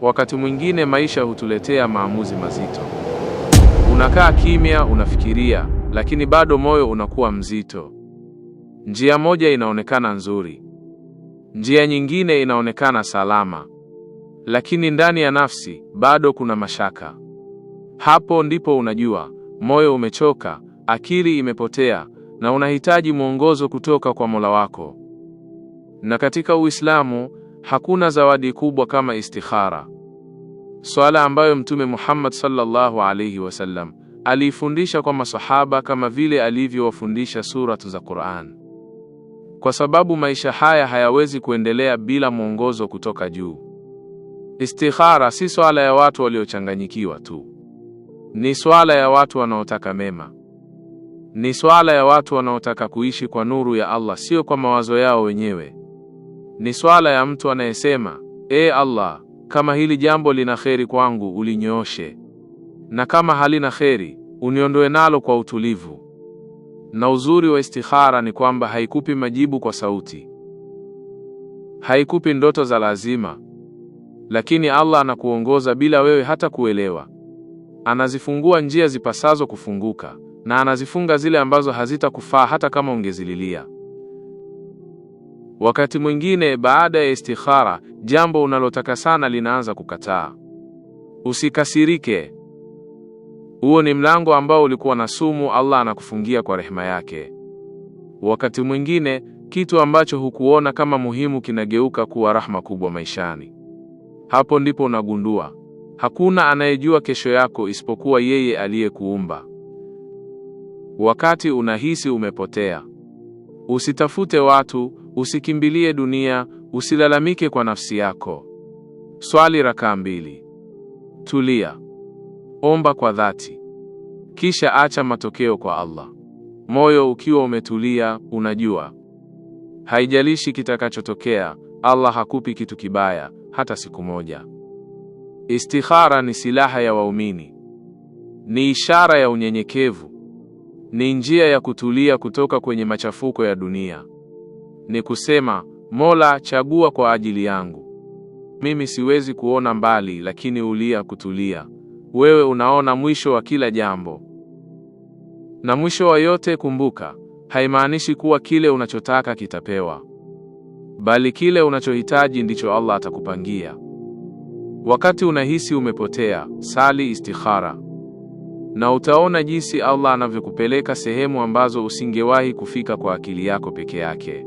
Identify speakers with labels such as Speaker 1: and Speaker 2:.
Speaker 1: Wakati mwingine maisha hutuletea maamuzi mazito. Unakaa kimya, unafikiria, lakini bado moyo unakuwa mzito. Njia moja inaonekana nzuri, njia nyingine inaonekana salama, lakini ndani ya nafsi bado kuna mashaka. Hapo ndipo unajua moyo umechoka, akili imepotea, na unahitaji mwongozo kutoka kwa Mola wako. Na katika Uislamu Hakuna zawadi kubwa kama istikhara, swala ambayo Mtume Muhammad sallallahu alayhi wasallam aliifundisha kwa masahaba kama vile alivyowafundisha suratu za Qur'an, kwa sababu maisha haya hayawezi kuendelea bila mwongozo kutoka juu. Istikhara si swala ya watu waliochanganyikiwa tu, ni swala ya watu wanaotaka mema, ni swala ya watu wanaotaka kuishi kwa nuru ya Allah, sio kwa mawazo yao wenyewe. Ni swala ya mtu anayesema, E Allah, kama hili jambo lina kheri kwangu ulinyooshe, na kama halina kheri uniondoe nalo kwa utulivu. Na uzuri wa istikhara ni kwamba haikupi majibu kwa sauti, haikupi ndoto za lazima, lakini Allah anakuongoza bila wewe hata kuelewa. Anazifungua njia zipasazo kufunguka na anazifunga zile ambazo hazitakufaa hata kama ungezililia. Wakati mwingine baada ya istikhara, jambo unalotaka sana linaanza kukataa. Usikasirike. Huo ni mlango ambao ulikuwa na sumu, Allah anakufungia kwa rehema yake. Wakati mwingine kitu ambacho hukuona kama muhimu kinageuka kuwa rahma kubwa maishani. Hapo ndipo unagundua hakuna anayejua kesho yako isipokuwa yeye aliyekuumba. Wakati unahisi umepotea, usitafute watu Usikimbilie dunia, usilalamike kwa nafsi yako. Swali rakaa mbili. Tulia. Omba kwa dhati. Kisha acha matokeo kwa Allah. Moyo ukiwa umetulia, unajua haijalishi kitakachotokea, Allah hakupi kitu kibaya hata siku moja. Istikhara ni silaha ya waumini, ni ishara ya unyenyekevu, ni njia ya kutulia kutoka kwenye machafuko ya dunia ni kusema, Mola, chagua kwa ajili yangu. Mimi siwezi kuona mbali, lakini ulia kutulia. Wewe unaona mwisho wa kila jambo. Na mwisho wa yote, kumbuka, haimaanishi kuwa kile unachotaka kitapewa, bali kile unachohitaji ndicho Allah atakupangia. Wakati unahisi umepotea, sali istikhara na utaona jinsi Allah anavyokupeleka sehemu ambazo usingewahi kufika kwa akili yako peke yake.